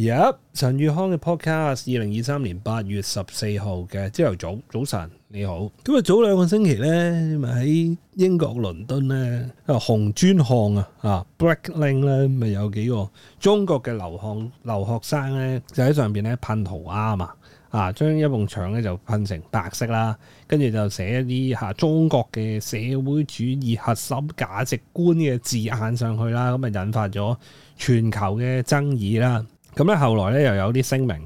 入、yep，陳裕康嘅 podcast，二零二三年八月十四號嘅朝頭早早晨，你好。咁啊，早兩個星期咧，咪喺英國倫敦咧啊紅磚巷啊啊 Brick Lane 咧咪有幾個中國嘅留學留學生咧，就喺、是、上邊咧噴塗鴉啊嘛啊，將一埲牆咧就噴成白色啦，跟住就寫一啲嚇中國嘅社會主義核心價值觀嘅字眼上去啦，咁咪引發咗全球嘅爭議啦。咁咧後來咧又有啲聲明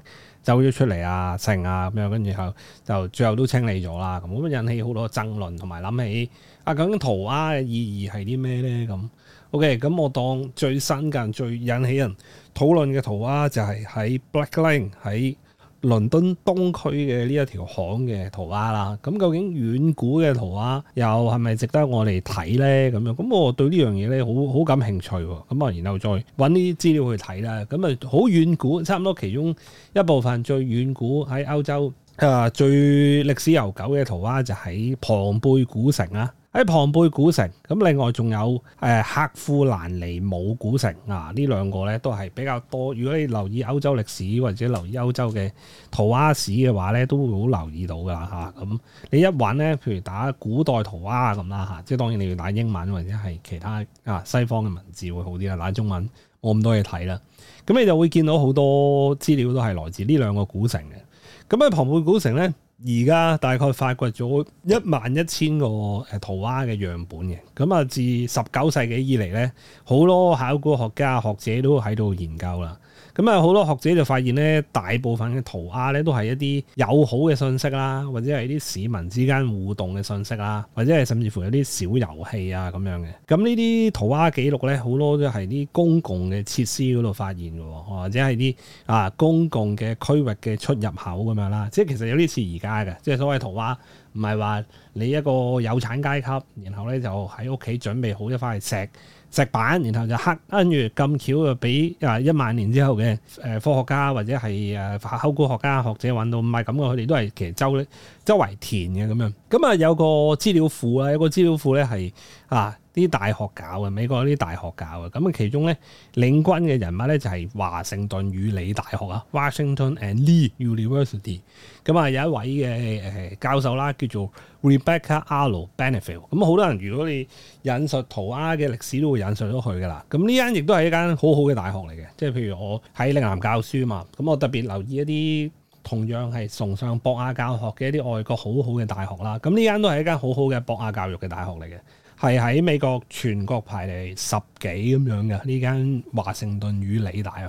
走咗出嚟啊、成啊咁樣，跟住後就最後都清理咗啦。咁咁引起好多爭論，同埋諗起啊，究竟圖畫嘅意義係啲咩咧？咁 OK，咁我當最新近最引起人討論嘅圖畫就係喺 Blackline 喺。倫敦東區嘅呢一條巷嘅圖畫啦，咁究竟遠古嘅圖畫又係咪值得我哋睇呢？咁樣，咁我對呢樣嘢呢，好好感興趣喎。咁啊，然後再揾啲資料去睇啦。咁啊，好遠古，差唔多其中一部分最遠古喺歐洲啊，最歷史悠久嘅圖畫就喺龐貝古城啊。喺龐貝古城，咁另外仲有誒、呃、克夫蘭尼姆古城，啊呢兩個咧都係比較多。如果你留意歐洲歷史或者留意歐洲嘅圖畫史嘅話咧，都會好留意到噶吓。咁、啊、你一玩咧，譬如打古代圖畫咁啦吓，即係當然你要打英文或者係其他啊西方嘅文字會好啲啦。打中文我冇咁多嘢睇啦。咁你就會見到好多資料都係來自呢兩個古城嘅。咁喺龐貝古城咧。而家大概發掘咗一萬一千個誒桃花嘅樣本嘅，咁啊自十九世紀以嚟咧，好多考古學家學者都喺度研究啦。咁啊，好多學者就發現咧，大部分嘅塗鴉咧都係一啲友好嘅信息啦，或者係啲市民之間互動嘅信息啦，或者係甚至乎有啲小遊戲啊咁樣嘅。咁呢啲塗鴉記錄咧，好多都係啲公共嘅設施嗰度發現嘅，或者係啲啊公共嘅區域嘅出入口咁樣啦。即係其實有啲似而家嘅，即係所謂塗鴉。唔係話你一個有產階級，然後咧就喺屋企準備好一塊石石板，然後就刻，跟住咁巧又俾啊一萬年之後嘅誒科學家或者係誒考古學家學者揾到，唔係咁嘅，佢哋都係其實周圍周圍填嘅咁樣。咁啊有個資料庫啊，有個資料庫咧係啊。啲大學搞嘅，美國啲大學搞嘅，咁啊其中咧領軍嘅人物咧就係、是、華盛頓與李大學啊，Washington and Lee University，咁啊、嗯、有一位嘅誒、呃、教授啦，叫做 Rebecca R. Benefie、嗯、l 咁好多人如果你引述塗鴉嘅歷史都會引述咗佢噶啦，咁呢間亦都係一間，一間好好嘅大學嚟嘅，即係譬如我喺嶺南教書嘛，咁、嗯、我特別留意一啲同樣係崇尚博雅教學嘅一啲外國好好嘅大學啦，咁呢間都係一間，一間好好嘅博雅教育嘅大學嚟嘅。係喺美國全國排嚟十幾咁樣嘅，呢間華盛頓與理大學，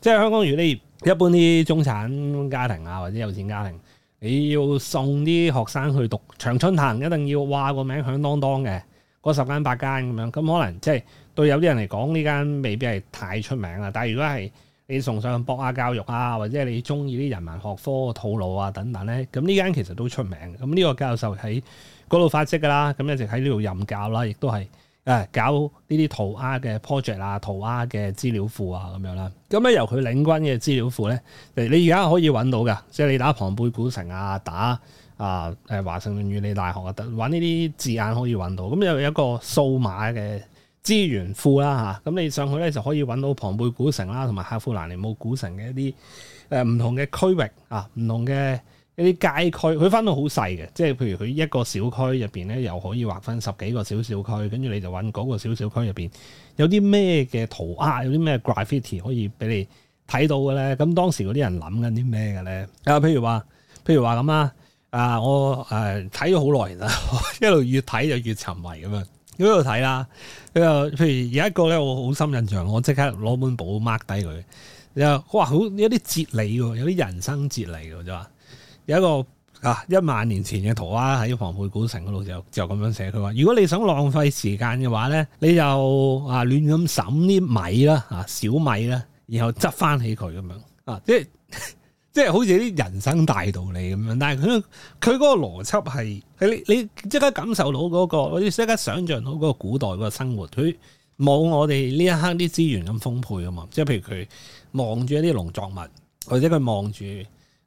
即係香港與理一般啲中產家庭啊，或者有錢家庭，你要送啲學生去讀長春藤，一定要話個名響噹噹嘅，個十間八間咁樣，咁可能即係、就是、對有啲人嚟講呢間未必係太出名啦，但係如果係，你崇尚博雅教育啊，或者你中意啲人文學科嘅套路啊等等咧，咁呢間其實都出名。咁呢個教授喺嗰度發跡噶啦，咁一直喺呢度任教啦，亦都係誒搞呢啲塗鴉嘅 project 啊、塗鴉嘅資料庫啊咁樣啦。咁咧由佢領軍嘅資料庫咧，你而家可以揾到嘅，即係你打龐貝古城啊，打啊誒華盛頓與李大學啊，揾呢啲字眼可以揾到。咁有一個數碼嘅資源庫啦嚇，咁你上去咧就可以揾到龐貝古城啦，同埋夏富蘭尼姆古城嘅一啲誒唔同嘅區域啊，唔同嘅一啲街區，佢分到好細嘅，即係譬如佢一個小區入邊咧，又可以劃分十幾個小小區，跟住你就揾嗰個小小區入邊有啲咩嘅塗鴉，有啲咩 graffiti 可以俾你睇到嘅咧。咁當時嗰啲人諗緊啲咩嘅咧？啊，譬如話，譬如話咁啊，我啊我誒睇咗好耐啦， 一路越睇就越沉迷咁樣。喺度睇啦，佢又譬如有一個咧，我好深印象，我即刻攞本簿 mark 低佢。又話好有啲哲理喎，有啲人生哲理嘅啫。話有一個啊，一萬年前嘅圖畫喺黃背古城嗰度就就咁樣寫，佢話如果你想浪費時間嘅話咧，你就啊亂咁撒啲米啦啊小米啦，然後執翻起佢咁樣啊，即係。 即係好似啲人生大道理咁樣，但係佢佢嗰個邏輯係，你你即刻感受到嗰個，或者即刻想象到嗰個古代嗰個生活，佢冇我哋呢一刻啲資源咁豐沛啊嘛，即係譬如佢望住一啲農作物，或者佢望住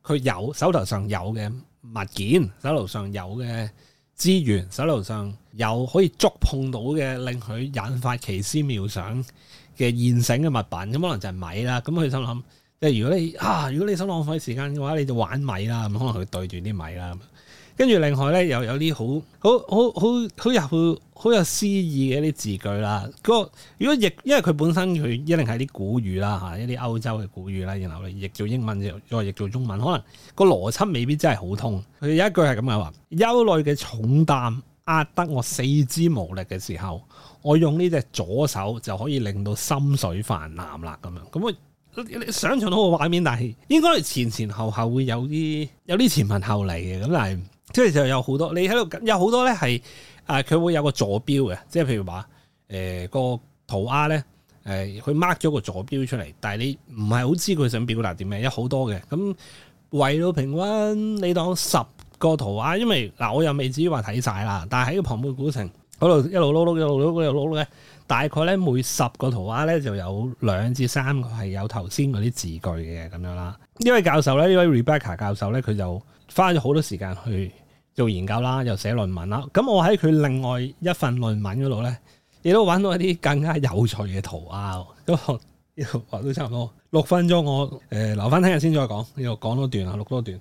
佢有手頭上有嘅物件，手頭上有嘅資源，手頭上有可以觸碰到嘅，令佢引發奇思妙想嘅現成嘅物品，咁可能就係米啦，咁佢心諗。即係如果你啊，如果你想浪費時間嘅話，你就玩米啦，咁可能佢對住啲米啦，跟住另外咧又有啲好好好好好，好有好好有詩意嘅一啲字句啦。個如果譯，因為佢本身佢一定係啲古語啦，嚇一啲歐洲嘅古語啦，然後咧譯做英文再譯做中文，可能個邏輯未必真係好通。佢有一句係咁嘅話：憂慮嘅重擔壓得我四肢無力嘅時候，我用呢隻左手就可以令到心水泛濫啦。咁樣咁想象到個畫面，但係應該係前前後後會有啲有啲前文後嚟嘅，咁但係即係就是，有好多，你喺度有好多咧係，啊、呃、佢會有個坐標嘅，即係譬如話誒、呃那個塗鴉咧，誒、呃、佢 mark 咗個坐標出嚟，但係你唔係好知佢想表達啲咩，有好多嘅，咁為到平均，你當十個塗鴉啊，因為嗱、呃、我又未至於話睇晒啦，但係喺個龐貝古城。嗰度一路錄錄嘅，錄錄嘅，錄錄嘅，大概咧每十個圖畫咧就有兩至三個係有頭先嗰啲字句嘅咁樣啦。呢位教授咧，呢位 Rebecca 教授咧，佢就花咗好多時間去做研究啦，又寫論文啦。咁我喺佢另外一份論文嗰度咧，亦都揾到一啲更加有趣嘅圖畫。都我話，都差唔多六分鐘我，我、呃、誒留翻聽日先再講，又講多段啊，錄多段。